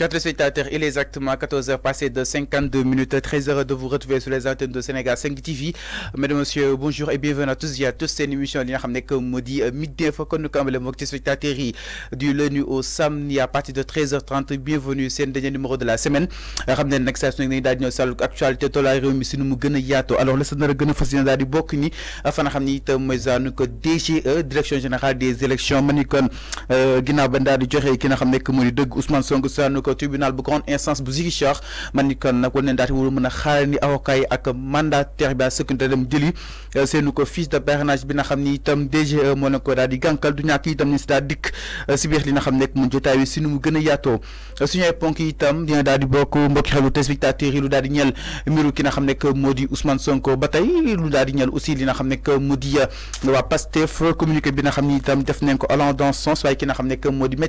Chers téléspectateurs, il est exactement 14h passé de 52 minutes. Très heureux de vous retrouver sur les antennes de Sénégal 5 TV. Mesdames, Messieurs, bonjour et bienvenue à tous et à tous. C'est une émission qui est comme dit midi faut que nous sommes les téléspectateurs du lundi au samedi à partir de 13h30. Bienvenue, c'est le dernier numéro de la semaine. Ramenez l'accession de l'actualité de la réunion si nous sommes yato. Alors, le Sénégal de la d'aller beaucoup ni afin de ramener que DGE, Direction Générale des élections, Manikon, euh, Guinabanda, Djoré, qui nous ramené dit Ousmane Songo, tribunal de grande instance bu Ziguinchor man ni kon nag war nañ daal di war ni avocat ak mandataire bi secrétaire dem djeli euh, ko de bernage bi nga tam Tam DGE moo euh, ne di si li na xam nekk mu jotaay wi si mu tam euh, suñu dina di bokk mbokki xelu téléspectateurs yi lu ki Ousmane Sonko Batay lu di aussi li na xam Modi moo Pastef communiqué bi nga tam def allant dans ki na xam modi na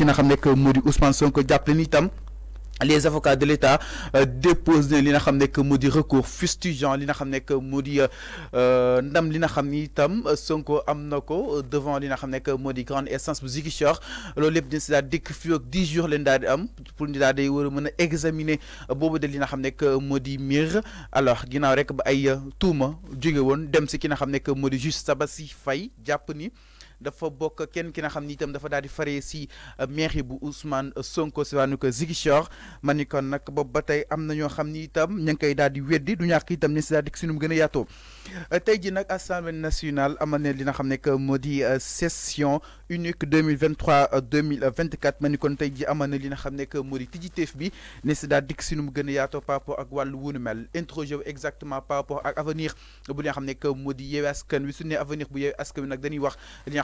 ki nga xam nekk moo Ousmane Sonko jàppale les avocats de l'État euh, dépose ne li nga xam nekk Modi recours fustigeant li nga xam nekk moo euh, ndam li nga xam ni Sonko am devant li nga xam grande essence bu Ziguinchor loolu lépp dina si daal dikk fii jours leen di am pour ñu daal di war a mën examiner boobu de li nga xam alors ginnaaw rek ba ay tuuma jóge woon dem si ki nga xam nekk moo di juge Sabassy Faye ni dafa bok kenn ki nga xamni ni itam dafa daal di faree euh, mairie bu Ousmane Sonko ci waanu ko Ziguinchor ma nak bob batay boobu ba tey am na ñoo itam ña di weddi du ñak itam ni si daal di si nu euh, ji nak assemblée nationale amane li nga xam que modi euh, session unique 2023 2024 ma tay ji amane li nga xam que moo di tijjiteef bi ne si daal di si nu par rapport ak walu wunu mel jeu exactement par rapport ak avenir bu li nga xam que modi di kan wi su avenir bu yeewee kan nak dañuy wax li nga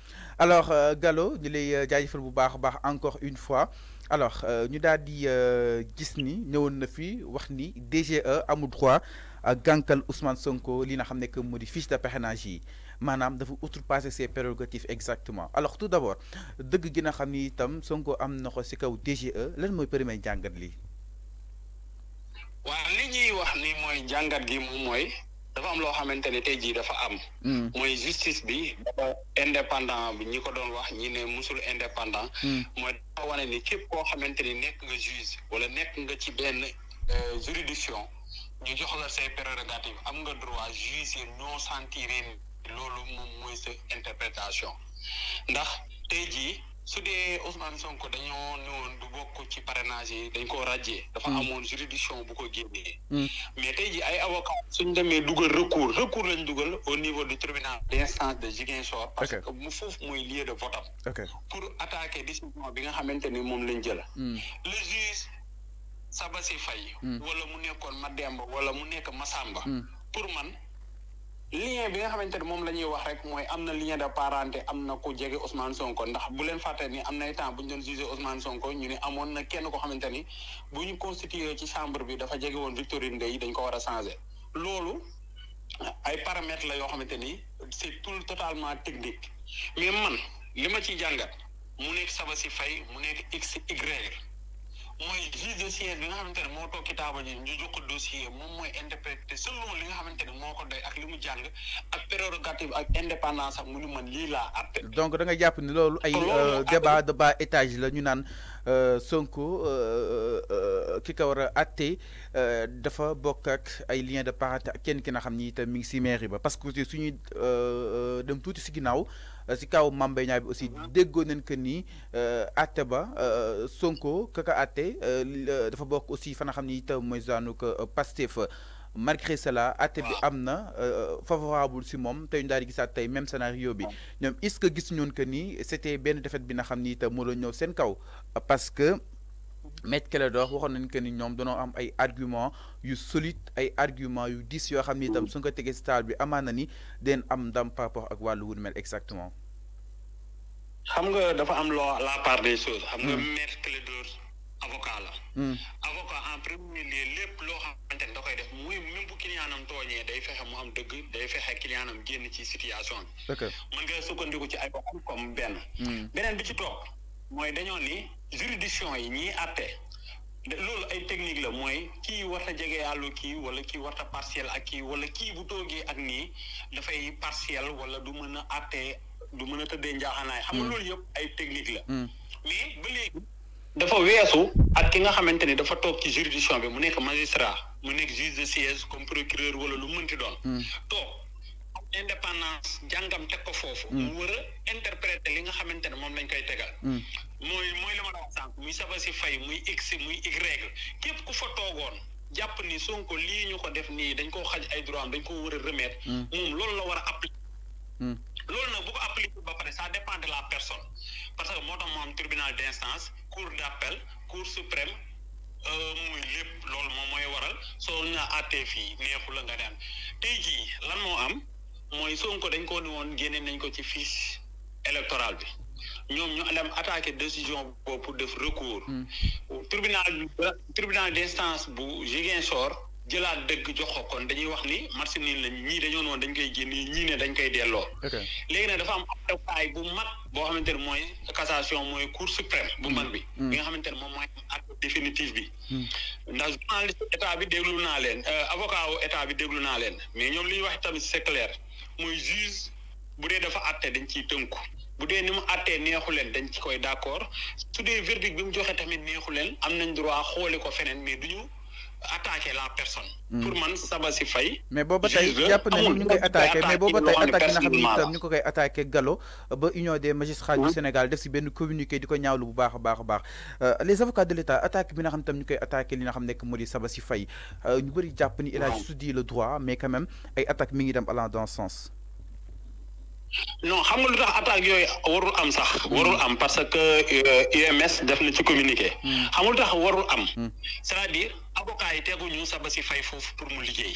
alors euh, Gallo nous lay vous euh, encore une fois alors nous dadi, dit, gis ni dit, DGE amul droit Ousmane Sonko li na nous que fiche de vous outrepasser ses prérogatives exactement alors tout d'abord nous gi na que Sonko am na ko DGE premier dafa am loo xamante ne tey jii dafa am. Hmm. mooy justice bi dafa indépendant bi ñi ko doon wax ñi ne musul indépendant. Hmm. mooy dafa wane ni képp koo xamante ni nekk nga juge wala nekk nga ci benn euh, juridiction ñu jox la say prérogatives am nga droit juger non sentir loolu moom mooy sa interprétation ndax tey jii. su dee Ousmane Sonko dañoo ñëwoon du bokk ci parrainage yi dañ koo ràjjee. Mm. dafa amoon juridiction bu ko génnee. Mm. mais tey jii ay avocats suñ demee dugal recours recours lañ dugal au niveau de du tribunal d'instance de Ziguinchor. parce que mu foofu mooy lieu de vote am. pour attaquer décision bi nga xamante ni moom lañ jëla mm. le saba si fay wala mu nekkoon ma demb wala mu nekk Massamba. pour man. lien bi nga xamante ne moom la ñuy wax rek mooy am na lien de parenté am na ku jege Ousmane Sonko ndax bu leen fàtte ni am nay temps bu ñu doon jugé Ousmane Sonko ñu ni amoon na kenn ko xamante ni bu ñu constitué ci chambre bi dafa jege woon Victorine Ndeye dañ ko war a changé loolu ay paramètres la yoo xamante ni c'est tout totalement technique mais man li ma ciy jàngat mu nekk si fay mu nekk x y mooy juge dossier bi nga xamante ne moo toog ci taabal yi ñu jox moom mooy interprété selon li nga xamante ne moo ko doy ak li mu jàng ak prérogative ak indépendance ak mu ni man lii laa atte donc da jàpp ni loolu ay euh, débat débat étage la ñu naan Euh, Sonko euh, euh, ki ka war a àtte dafa bokk ak ay lien de parenté kenn ki na xam ni itam mi ngi si mairie ba parce que suñuy dem tuuti si ginnaaw si kaw Mame Mbaye Niang bi aussi déggoon nañ que nii àtte ba Sonko ka ka àtte dafa bokk aussi fa nga xam ni itam mooy zaanu ko Pastef malgré cela atte bi am euh, euh, favorable si mom tay ñu daal di gisaat tey même scénario bi ñom est-ce que gis ñun que ni c'était ben défaite bi na xamni ni mo moo doon sen kaw parce que Maître Clédor waxoon nañ que ni ñoom dañoo am ay argument yu solide ay argument yu dis yo xamni tam su suñ ko tegee si bi amana ni den am dam par rapport ak walu wul mel exactement xam nga dafa am loo la part des choses xam nga hmm. Maître Clédor avocat la hmm. dëgg day fexe clientam génn ci situation bi. mën nga sukkandiku ci ay boppam comme benn. Hmm. beneen bi ci toog mooy dañoo ni juridiction yi ñiy àtte loolu ay technique la mooy kii war jege àllu kii wala kii war a ak kii wala kii bu toogee ak nii dafay partiel wala du mën a àtte du mën a tëddee njaaxanaay. xam nga hmm. loolu yëpp ay technique la. Hmm. mais ba léegi dafa weesu ak ki nga xamante ni dafa toog ci juridiction bi mu nekk magistrat. mu nekk juge de siège comme procureur wala lu mënti doon toog hmm. am indépendance jàngam teg ko foofu hmm. mu war a interpréter li nga xamante ne moom lañ koy tegal hmm. mooy mooy li ma la wax sànq muy saba si fay muy x muy y képp ku fa toogoon jàpp ni Sonko lii ñu ko def nii dañ koo xaj ay droit am dañ koo war a remettre moom loolu la war a appliquer loolu nag bu ko appliquer ba pare ça dépend de la personne parce que moo tax moo am tribunal d'instance cour d'appel cour suprême Euh, muy lépp loolu moom mooy waral soo ñu àttee fii neexu la nga dem tey jii lan moo am mooy Sonko dañ ko ni woon génnee nañ ko ci fiche électorale bi ñoom ñu dem attaqué décision boobu pour def recours. Hmm. tribunal tribunal d'instance bu Ziguinchor jëlaat dëgg jox ko kon dañuy wax ni marché nii lañ ñii dañoo noonu dañ koy génne ñii ne dañ koy delloo. léegi nag dafa am attaqué bu mag boo xamante ne mooy cassation mooy cour suprême. bu mag bi. Hmm. Hmm. bi nga xamante ne moom mooy définitive bi. Hmm. ndax journaliste état bi déglu naa leen euh, avocat wu état bi déglu naa leen mais ñoom li wax tamit c'est clair mooy juge bu dee dafa àtte dañ ciy tënku bu dee ni mu àttee neexu leen dañ ci koy d'accord su dee verdict bi mu joxee tamit neexu leen am nañ droit xooli ko feneen mais duñu attaquer la personne. Hmm. pour man Sabassy Faye. mais booba tey jàpp nañu ñu koy attaqué mais booba tey attaqué na xam ni itam ñu koy attaqué Gallo ba union des magistrats du hmm. Sénégal def si benn communiqué di ko ñaawlu bu baax baax a baax euh, les avocats de l'État attaque bi na xam ne tam ñu koy attaqué li nga xam nekk moo di Sabassy Faye euh, ñu bëri jàpp ni il a juste dit le droit mais quand même ay attaque mi ngi dem allant dans ce sens. non xam nga lu tax attaque yooyu warul am sax hmm. warul am parce que UMS euh, def na ci communiqué hmm. xam nga lu tax warul am hmm. saa à dire avocat yi teguñu saba si fay foofu pour mu liggéey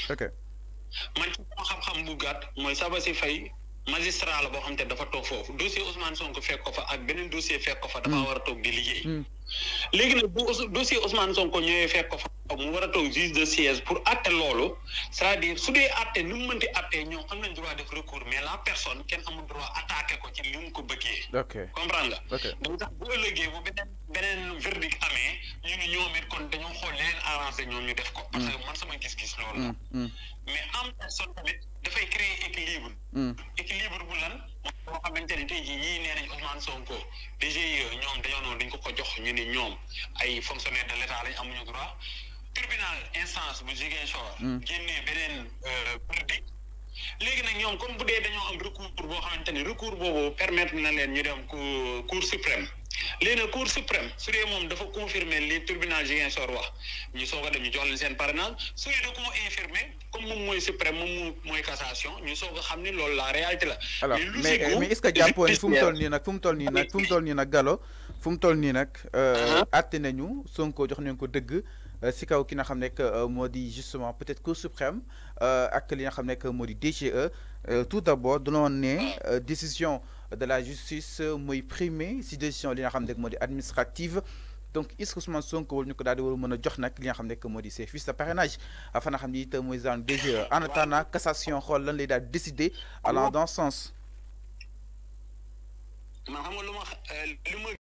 man ci moo xam-xam bu gàtt mooy saba si fay magistrat la boo xam te dafa toog foofu dossier Ousmane Sonko fekk ko fa ak beneen dossier fekk ko fa dafa war a toog di liggéey léegi nag bu dossier Ousmane Sonko ñëwee fekk ko fa mu war a toog juge de siège pour atte loolu c'est-à-dire su dee atte nu mu mënti atte ñoom am nañ droit def recours mais la personne kenn amul droit attaqué ko ci ni mu ko bëggee. ok comprendre nga. ok donc tax bu ëllëgee bu beneen beneen verdict amee ñu ni ñoom it kon dañoo xool leneen arrangé ñoom ñu def ko. parce que man sama gis-gis loolu mm. Mm. mais en personne tamit dafay créer équilibre. Mm. équilibre bu lan. moo xamante ne tey jii yii nee nañ Ousmane Sonko DGE ñoom dañoo noonu dañ ko ko jox ñu ni ñoom ay fonctionnaire de l'état lañ amuñu droit tribunal instance bu Ziguinchor hmm. génnee beneen euh, verdict léegi nag ñoom comme bu dee dañoo am recours boo xamante ne recours boobu permettre na leen ñu dem cour cour suprême léegi nag cour suprême su dee dafa confirmer li tribunal wax ñu soog a jox parrainage su dee comme moom suprême moom cassation ñu sommes a xam la réalité mais est-ce que vous fu mu toll nii nag Gallo fu mu euh, uh-huh. Sonko jox ki justement peut-être Cour suprême euh, ak li nga xam que DGE euh, tout d'abord décision de la justice moy primé si décision li nga xam administrative donc est se que Ousmane Sonko wala ñu ko daal di war a jox nak li nga xam ne moo di de parrainage fa nga xam ne itam mooy en attendant cassation xool lan lay daal décider allant dans ce sens.